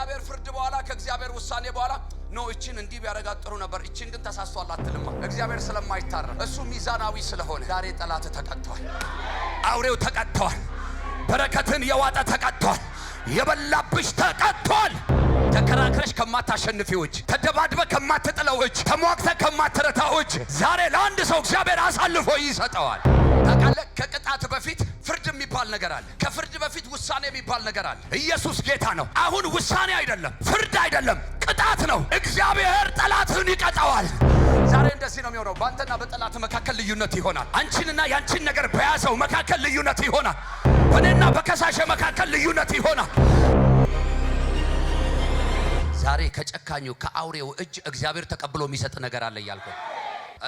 ከእግዚአብሔር ፍርድ በኋላ ከእግዚአብሔር ውሳኔ በኋላ ኖ እችን እንዲህ ቢያደርጋት ጥሩ ነበር፣ እችን ግን ተሳስቷል አትልማ። እግዚአብሔር ስለማይታረም እሱ ሚዛናዊ ስለሆነ ዛሬ ጠላት ተቀጥቷል፣ አውሬው ተቀጥቷል፣ በረከትን የዋጠ ተቀጥቷል፣ የበላብሽ ተቀጥቷል። ተከራክረሽ ከማታሸንፊው እጅ፣ ተደባድበ ከማትጥለው እጅ፣ ተሟግተ ከማትረታው እጅ ዛሬ ለአንድ ሰው እግዚአብሔር አሳልፎ ይሰጠዋል። ታውቃለህ ከቅጣት በፊት የሚባል ነገር አለ። ከፍርድ በፊት ውሳኔ የሚባል ነገር አለ። ኢየሱስ ጌታ ነው። አሁን ውሳኔ አይደለም፣ ፍርድ አይደለም፣ ቅጣት ነው። እግዚአብሔር ጠላትህን ይቀጣዋል። ዛሬ እንደዚህ ነው የሚሆነው። በአንተና በጠላት መካከል ልዩነት ይሆናል። አንቺንና የአንቺን ነገር በያዘው መካከል ልዩነት ይሆናል። በእኔና በከሳሽ መካከል ልዩነት ይሆናል። ዛሬ ከጨካኙ ከአውሬው እጅ እግዚአብሔር ተቀብሎ የሚሰጥ ነገር አለ እያልኩ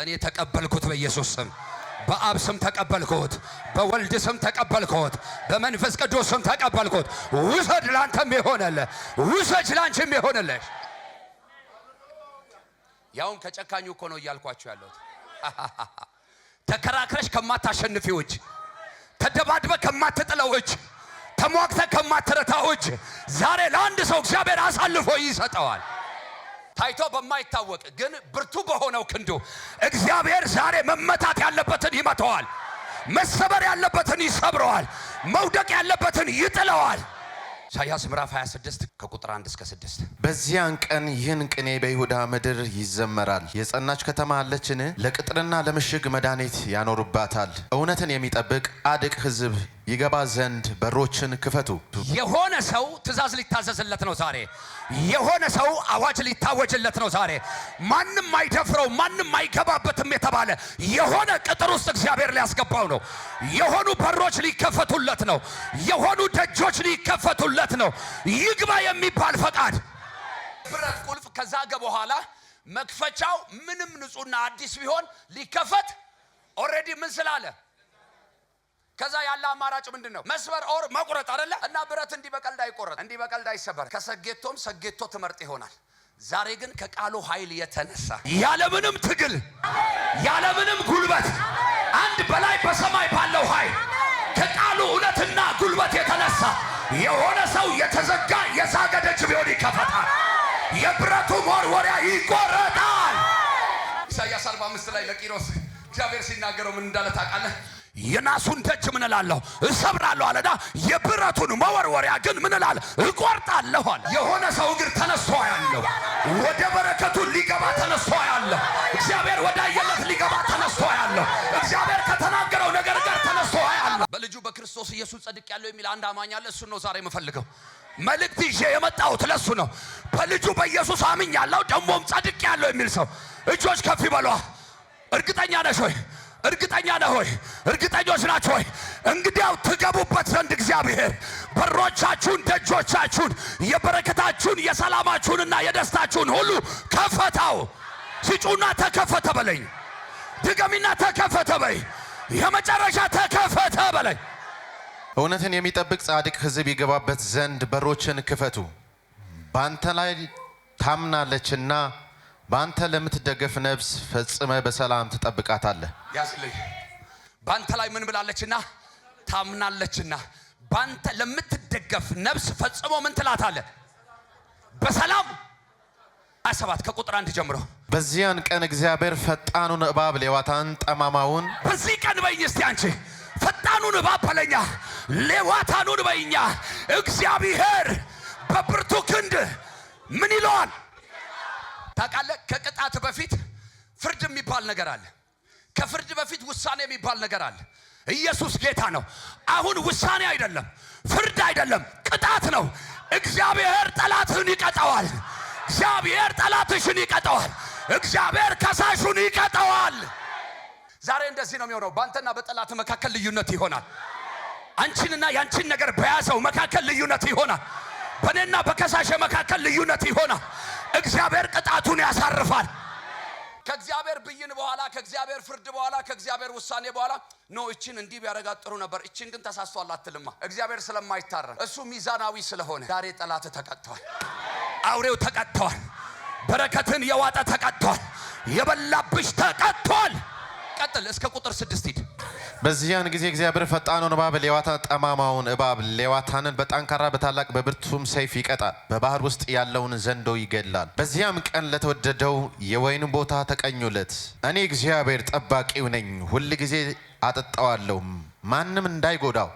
እኔ ተቀበልኩት በኢየሱስ ስም። በአብ ስም ተቀበልኩት፣ በወልድ ስም ተቀበልኩት፣ በመንፈስ ቅዱስ ስም ተቀበልኩት። ውሰድ፣ ላንተም የሆነልህ ውሰጅ፣ ላንቺም የሆነልሽ። ያውም ከጨካኙ እኮ ነው እያልኳችሁ ያለሁት። ተከራክረሽ ከማታሸንፊው እጅ፣ ተደባድበ ከማትጥለው እጅ፣ ተሟግተ ከማትረታው እጅ ዛሬ ለአንድ ሰው እግዚአብሔር አሳልፎ ይሰጠዋል። ታይቶ በማይታወቅ ግን ብርቱ በሆነው ክንዱ እግዚአብሔር ዛሬ መመታት ያለበትን ይመተዋል። መሰበር ያለበትን ይሰብረዋል። መውደቅ ያለበትን ይጥለዋል። ኢሳያስ ምዕራፍ 26 ከቁጥር 1 እስከ 6 በዚያን ቀን ይህን ቅኔ በይሁዳ ምድር ይዘመራል። የጸናች ከተማ አለችን፣ ለቅጥርና ለምሽግ መድኃኒት ያኖሩባታል። እውነትን የሚጠብቅ አድቅ ሕዝብ ይገባ ዘንድ በሮችን ክፈቱ። የሆነ ሰው ትእዛዝ ሊታዘዝለት ነው ዛሬ። የሆነ ሰው አዋጅ ሊታወጅለት ነው ዛሬ። ማንም አይደፍረው፣ ማንም አይገባበትም የተባለ የሆነ ቅጥር ውስጥ እግዚአብሔር ሊያስገባው ነው። የሆኑ በሮች ሊከፈቱለት ነው። የሆኑ ደጆች ሊከፈቱለት ነው። ይግባ የሚባል ፈቃድ ብረት ቁልፍ ከዛገ በኋላ መክፈቻው ምንም ንጹሕና አዲስ ቢሆን ሊከፈት ኦልሬዲ ምን ስላለ ከዛ ያለ አማራጭ ምንድን ነው? መስበር ኦር መቁረጥ አደለ? እና ብረት እንዲበቀል በቀልድ እንዲበቀል እንዲህ ከሰጌቶም ሰጌቶ ትመርጥ ይሆናል። ዛሬ ግን ከቃሉ ኃይል የተነሳ ያለምንም ትግል ያለምንም ጉልበት አንድ በላይ በሰማይ ባለው ኃይል ከቃሉ እውነትና ጉልበት የተነሳ የሆነ ሰው የተዘጋ የዛገ ደጅ ቢሆን ይከፈታል። የብረቱ መወርወሪያ ይቆረጣል። ኢሳያስ 45 ላይ ለቂሮስ እግዚአብሔር ሲናገረው ምን እንዳለ ታውቃለህ? የናሱን ደጅ ምን እላለሁ እሰብራለሁ አለና የብረቱን መወርወሪያ ግን ምን እላለሁ እቆርጣለሁ አለ። የሆነ ሰው እግር ተነስቶ ያለሁ ወደ በረከቱ ሊገባ ተነስቶ ያለሁ እግዚአብሔር ወደ አየለት ሊገባ ተነስቶ ያለሁ እግዚአብሔር ከተናገረው ነገር ጋር ተነስቶ ያለሁ በልጁ በክርስቶስ ኢየሱስ ጸድቅ ያለው የሚል አንድ አማኝ አለ። እሱን ነው ዛሬ የምፈልገው መልእክት ይዤ የመጣሁት ለእሱ ነው። በልጁ በኢየሱስ አምኛለሁ ደግሞም ጸድቅ ያለው የሚል ሰው እጆች ከፍ ይበሏ። እርግጠኛ ነሽ ወይ? እርግጠኛ ነህ ሆይ? እርግጠኞች ናችሁ ሆይ? እንግዲያው ትገቡበት ዘንድ እግዚአብሔር በሮቻችሁን፣ ደጆቻችሁን፣ የበረከታችሁን፣ የሰላማችሁንና የደስታችሁን ሁሉ ከፈታው። ሲጩና ተከፈተ በለኝ። ድገሚና ተከፈተ በይ። የመጨረሻ ተከፈተ በለኝ። እውነትን የሚጠብቅ ጻድቅ ሕዝብ ይገባበት ዘንድ በሮችን ክፈቱ። በአንተ ላይ ታምናለችና በአንተ ለምትደገፍ ነፍስ ፈጽመ በሰላም ትጠብቃታለህ። ያዝልኝ። በአንተ ላይ ምን ብላለችና? ታምናለችና። በአንተ ለምትደገፍ ነፍስ ፈጽሞ ምን ትላታለህ? በሰላም አሰባት። ከቁጥር አንድ ጀምሮ በዚያን ቀን እግዚአብሔር ፈጣኑን እባብ ሌዋታን ጠማማውን በዚህ ቀን በይኝ እስቲ አንቺ ፈጣኑን እባብ በለኛ ሌዋታኑን በይኛ እግዚአብሔር በብርቱ ክንድ ምን ይለዋል ታውቃለህ፣ ከቅጣት በፊት ፍርድ የሚባል ነገር አለ። ከፍርድ በፊት ውሳኔ የሚባል ነገር አለ። ኢየሱስ ጌታ ነው። አሁን ውሳኔ አይደለም፣ ፍርድ አይደለም፣ ቅጣት ነው። እግዚአብሔር ጠላትህን ይቀጠዋል። እግዚአብሔር ጠላትሽን ይቀጠዋል። እግዚአብሔር ከሳሹን ይቀጠዋል። ዛሬ እንደዚህ ነው የሚሆነው። በአንተና በጠላት መካከል ልዩነት ይሆናል። አንቺንና የአንቺን ነገር በያዘው መካከል ልዩነት ይሆናል። በእኔና በከሳሽ መካከል ልዩነት ይሆናል። እግዚአብሔር ቅጣቱን ያሳርፋል። ከእግዚአብሔር ብይን በኋላ ከእግዚአብሔር ፍርድ በኋላ ከእግዚአብሔር ውሳኔ በኋላ ኖ እችን እንዲህ ቢያደርጋት ጥሩ ነበር፣ እችን ግን ተሳስቷል አትልማ። እግዚአብሔር ስለማይታረም እሱ ሚዛናዊ ስለሆነ ዛሬ ጠላት ተቀጥተዋል፣ አውሬው ተቀጥተዋል፣ በረከትን የዋጠ ተቀጥተዋል፣ የበላብሽ ተቀጥተዋል። ቀጥል እስከ ቁጥር ስድስት ሂድ በዚያን ጊዜ እግዚአብሔር ፈጣኑን እባብ ሌዋታ ጠማማውን እባብ ሌዋታንን በጠንካራ በታላቅ በብርቱም ሰይፍ ይቀጣል፣ በባህር ውስጥ ያለውን ዘንዶ ይገድላል። በዚያም ቀን ለተወደደው የወይን ቦታ ተቀኙለት። እኔ እግዚአብሔር ጠባቂው ነኝ፣ ሁል ጊዜ አጠጣዋለሁ፣ ማንም እንዳይጎዳው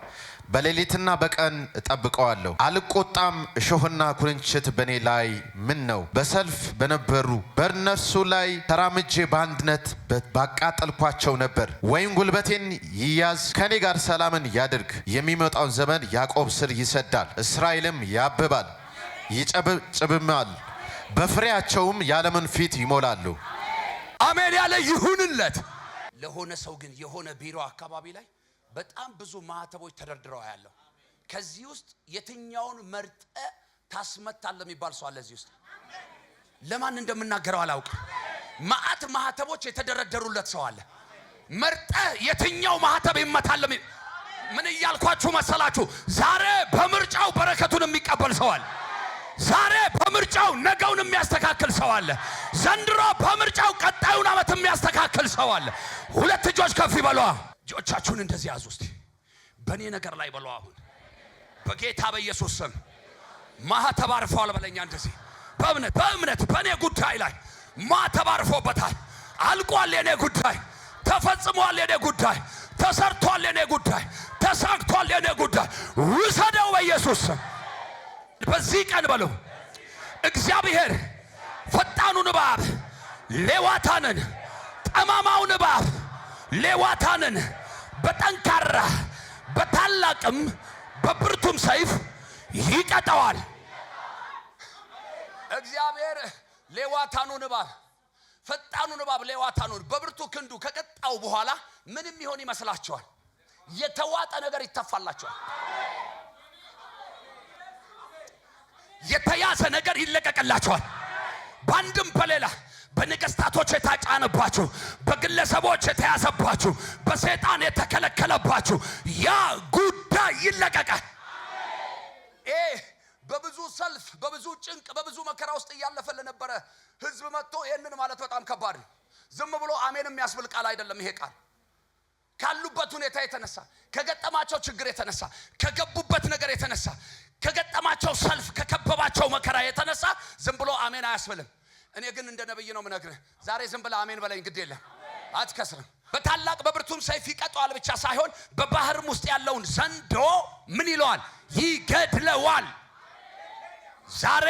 በሌሊትና በቀን እጠብቀዋለሁ። አልቆጣም። እሾህና ኩርንችት በእኔ ላይ ምን ነው? በሰልፍ በነበሩ በእነርሱ ላይ ተራምጄ በአንድነት ባቃጠልኳቸው ነበር። ወይም ጉልበቴን ይያዝ፣ ከእኔ ጋር ሰላምን ያድርግ። የሚመጣውን ዘመን ያዕቆብ ስር ይሰዳል፣ እስራኤልም ያብባል ይጨብጭብማል፣ በፍሬያቸውም የዓለምን ፊት ይሞላሉ። አሜን ያለ ይሁንለት። ለሆነ ሰው ግን የሆነ ቢሮ አካባቢ ላይ በጣም ብዙ ማህተቦች ተደርድረው ያለው። ከዚህ ውስጥ የትኛውን መርጠ ታስመታለ የሚባል ሰው አለ እዚህ ውስጥ። ለማን እንደምናገረው አላውቅ ማአት ማህተቦች የተደረደሩለት ሰው አለ። መርጠ የትኛው ማህተብ ይመታለ ምን እያልኳችሁ መሰላችሁ? ዛሬ በምርጫው በረከቱን የሚቀበል ሰው አለ። ዛሬ በምርጫው ነገውን የሚያስተካክል ሰው አለ። ዘንድሮ በምርጫው ቀጣዩን ዓመት የሚያስተካክል ሰው አለ። ሁለት እጆች ከፍ ይበሏ። እጆቻችሁን እንደዚህ ያዙ እስቲ። በእኔ ነገር ላይ በለው። አሁን በጌታ በኢየሱስ ስም ማሃ ተባርፈዋል በለኛ። እንደዚህ በእምነት በእምነት በእኔ ጉዳይ ላይ ማሃ ተባርፎበታል። አልቋል የእኔ ጉዳይ፣ ተፈጽሟል የእኔ ጉዳይ፣ ተሰርቷል የእኔ ጉዳይ፣ ተሳክቷል የእኔ ጉዳይ። ውሰደው በኢየሱስ ስም በዚህ ቀን በለው። እግዚአብሔር ፈጣኑን እባብ ሌዋታንን ጠማማውን እባብ ሌዋታንን በጠንካራ በታላቅም በብርቱም ሰይፍ ይቀጠዋል። እግዚአብሔር ሌዋታኑን እባብ ፈጣኑን እባብ ሌዋታኑን በብርቱ ክንዱ ከቀጣው በኋላ ምንም ይሆን ይመስላችኋል? የተዋጠ ነገር ይተፋላችኋል። የተያዘ ነገር ይለቀቅላችኋል። በአንድም በሌላ በነገስታቶች የታጫነባችሁ፣ በግለሰቦች የተያዘባችሁ፣ በሰይጣን የተከለከለባችሁ ያ ጉዳይ ይለቀቃል። በብዙ ሰልፍ፣ በብዙ ጭንቅ፣ በብዙ መከራ ውስጥ እያለፈ ለነበረ ህዝብ መጥቶ ይህንን ማለት በጣም ከባድ ነው። ዝም ብሎ አሜን የሚያስብል ቃል አይደለም ይሄ ቃል ካሉበት ሁኔታ የተነሳ ከገጠማቸው ችግር የተነሳ ከገቡበት ነገር የተነሳ ከገጠማቸው ሰልፍ ከከበባቸው መከራ የተነሳ ዝም ብሎ አሜን አያስብልም። እኔ ግን እንደ ነብይ ነው ምነግርህ። ዛሬ ዝም ብለህ አሜን በለኝ፣ ግድ የለም አትከስርም። በታላቅ በብርቱም ሰይፍ ይቀጠዋል ብቻ ሳይሆን በባህርም ውስጥ ያለውን ዘንዶ ምን ይለዋል? ይገድለዋል። ዛሬ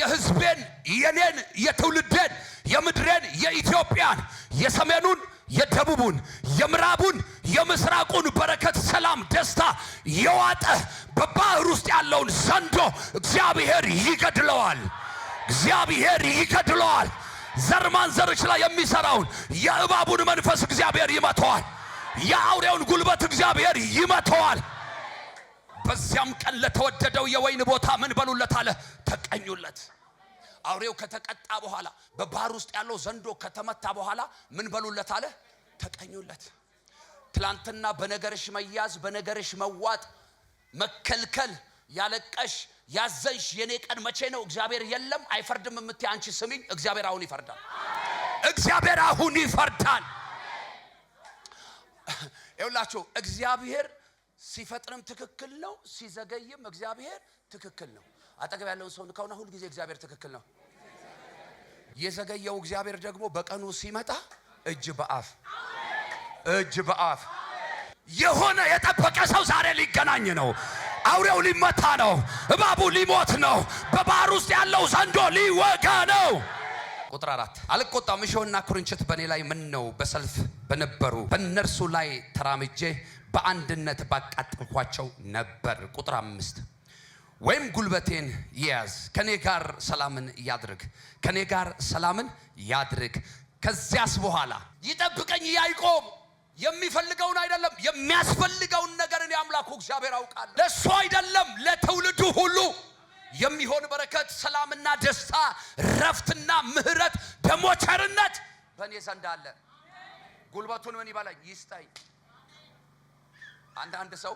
የህዝቤን፣ የኔን፣ የትውልዴን፣ የምድሬን፣ የኢትዮጵያን፣ የሰሜኑን፣ የደቡቡን፣ የምዕራቡን፣ የምስራቁን በረከት፣ ሰላም፣ ደስታ የዋጠ በባህር ውስጥ ያለውን ዘንዶ እግዚአብሔር ይገድለዋል። እግዚአብሔር ይገድለዋል። ዘርማን ዘርች ላይ የሚሰራውን የእባቡን መንፈስ እግዚአብሔር ይመተዋል። የአውሬውን ጉልበት እግዚአብሔር ይመተዋል። በዚያም ቀን ለተወደደው የወይን ቦታ ምን በሉለት አለ ተቀኙለት። አውሬው ከተቀጣ በኋላ በባህር ውስጥ ያለው ዘንዶ ከተመታ በኋላ ምን በሉለት አለ ተቀኙለት። ትላንትና በነገርሽ መያዝ፣ በነገርሽ መዋጥ፣ መከልከል ያለቀሽ ያዘንሽ የኔ ቀን መቼ ነው? እግዚአብሔር የለም አይፈርድም የምትይ አንቺ ስሚኝ፣ እግዚአብሔር አሁን ይፈርዳል። እግዚአብሔር አሁን ይፈርዳል። ይውላችሁ እግዚአብሔር ሲፈጥርም ትክክል ነው፣ ሲዘገይም እግዚአብሔር ትክክል ነው። አጠገብ ያለውን ሰው ንካውና ሁል ጊዜ እግዚአብሔር ትክክል ነው። የዘገየው እግዚአብሔር ደግሞ በቀኑ ሲመጣ እጅ በአፍ እጅ በአፍ የሆነ የጠበቀ ሰው ዛሬ ሊገናኝ ነው። አውሬው ሊመታ ነው። እባቡ ሊሞት ነው። በባህር ውስጥ ያለው ዘንዶ ሊወጋ ነው። ቁጥር አራት አልቆጣም። እሾህና ኩርንችት በእኔ ላይ ምን ነው በሰልፍ በነበሩ በእነርሱ ላይ ተራምጄ በአንድነት ባቃጠልኳቸው ነበር። ቁጥር አምስት ወይም ጉልበቴን ይያዝ፣ ከእኔ ጋር ሰላምን ያድርግ፣ ከእኔ ጋር ሰላምን ያድርግ። ከዚያስ በኋላ ይጠብቀኝ ያይቆም የሚፈልገውን አይደለም የሚያስፈልገውን ነገር እኔ አምላኩ እግዚአብሔር አውቃለሁ። ለእሱ አይደለም ለትውልዱ ሁሉ የሚሆን በረከት፣ ሰላምና ደስታ፣ ረፍትና ምሕረት ደሞ ቸርነት በእኔ ዘንድ አለ። ጉልበቱን ምን ይበላኝ ይስጠኝ። አንዳንድ ሰው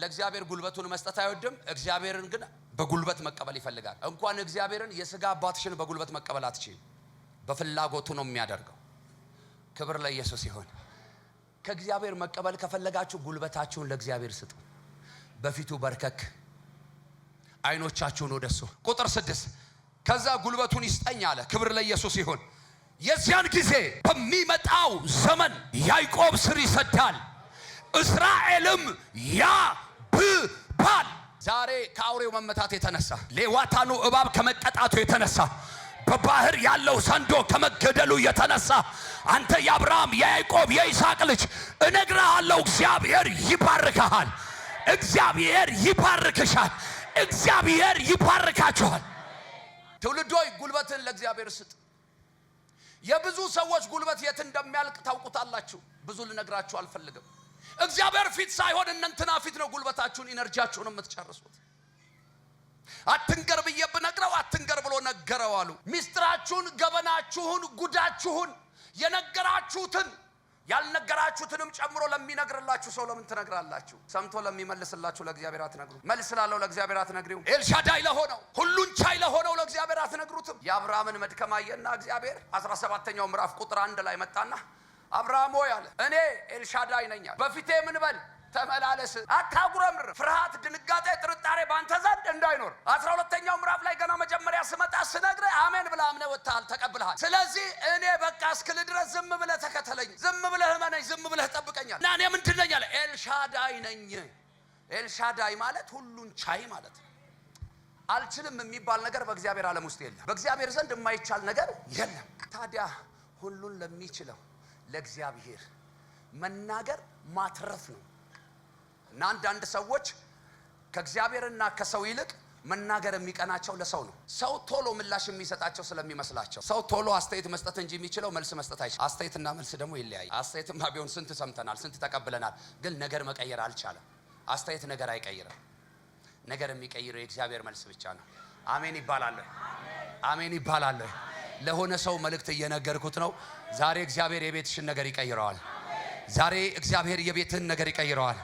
ለእግዚአብሔር ጉልበቱን መስጠት አይወድም፣ እግዚአብሔርን ግን በጉልበት መቀበል ይፈልጋል። እንኳን እግዚአብሔርን የስጋ አባትሽን በጉልበት መቀበል አትችልም። በፍላጎቱ ነው የሚያደርገው ክብር ለኢየሱስ ይሁን። ከእግዚአብሔር መቀበል ከፈለጋችሁ ጉልበታችሁን ለእግዚአብሔር ስጡ። በፊቱ በርከክ፣ አይኖቻችሁን ወደሱ። ቁጥር ስድስት ከዛ ጉልበቱን ይስጠኝ አለ። ክብር ለኢየሱስ ይሁን። የዚያን ጊዜ በሚመጣው ዘመን ያዕቆብ ስር ይሰዳል፣ እስራኤልም ያብባል። ዛሬ ከአውሬው መመታት የተነሳ ሌዋታኑ እባብ ከመቀጣቱ የተነሳ በባህር ያለው ሰንዶ ከመገደሉ የተነሳ አንተ የአብርሃም የያዕቆብ የይስሐቅ ልጅ እነግርሃለሁ፣ እግዚአብሔር ይባርክሃል። እግዚአብሔር ይባርክሻል። እግዚአብሔር ይባርካችኋል። ትውልድ ሆይ ጉልበትን ለእግዚአብሔር ስጥ። የብዙ ሰዎች ጉልበት የት እንደሚያልቅ ታውቁታላችሁ። ብዙ ልነግራችሁ አልፈልግም። እግዚአብሔር ፊት ሳይሆን እነ ፊት ነው ጉልበታችሁን ኢነርጂያችሁን የምትጨርሱት። አትንገር ብዬ ብነግረው አትንገር ብሎ ነገረው አሉ። ሚስጥራችሁን፣ ገበናችሁን፣ ጉዳችሁን የነገራችሁትን ያልነገራችሁትንም ጨምሮ ለሚነግርላችሁ ሰው ለምን ትነግራላችሁ? ሰምቶ ለሚመልስላችሁ ለእግዚአብሔር አትነግሩ። መልስ ላለው ለእግዚአብሔር አትነግሪው። ኤልሻዳይ ለሆነው ሁሉን ቻይ ለሆነው ለእግዚአብሔር አትነግሩትም። የአብርሃምን መድከም አየና እግዚአብሔር አስራ ሰባተኛው ምዕራፍ ቁጥር አንድ ላይ መጣና አብርሃም ሆይ አለ እኔ ኤልሻዳይ ነኛል በፊቴ ምን በል ተመላለስ፣ አታጉረምር። ፍርሃት፣ ድንጋጤ፣ ጥርጣሬ በአንተ ዘንድ እንዳይኖር። አስራ ሁለተኛው ምዕራፍ ላይ ገና መጀመሪያ ስመጣ ስነግረ አሜን ብለ አምነ ወጥተሃል፣ ተቀብልሃል። ስለዚህ እኔ በቃ እስክል ድረስ ዝም ብለህ ተከተለኝ፣ ዝም ብለህ እመነኝ፣ ዝም ብለህ ጠብቀኛል እና እኔ ምንድን ነኝ አለ ኤልሻዳይ ነኝ። ኤልሻዳይ ማለት ሁሉን ቻይ ማለት ነው። አልችልም የሚባል ነገር በእግዚአብሔር ዓለም ውስጥ የለም። በእግዚአብሔር ዘንድ የማይቻል ነገር የለም። ታዲያ ሁሉን ለሚችለው ለእግዚአብሔር መናገር ማትረፍ ነው። እና አንዳንድ ሰዎች ከእግዚአብሔርና ከሰው ይልቅ መናገር የሚቀናቸው ለሰው ነው። ሰው ቶሎ ምላሽ የሚሰጣቸው ስለሚመስላቸው ሰው ቶሎ አስተያየት መስጠት እንጂ የሚችለው መልስ መስጠት አይችልም። አስተያየትና መልስ ደግሞ ይለያይ። አስተያየትማ ቢሆን ስንት ሰምተናል፣ ስንት ተቀብለናል፣ ግን ነገር መቀየር አልቻለም። አስተያየት ነገር አይቀይርም። ነገር የሚቀይረው የእግዚአብሔር መልስ ብቻ ነው። አሜን ይባላል። አሜን ይባላል። ለሆነ ሰው መልእክት እየነገርኩት ነው። ዛሬ እግዚአብሔር የቤትሽን ነገር ይቀይረዋል። ዛሬ እግዚአብሔር የቤትህን ነገር ይቀይረዋል።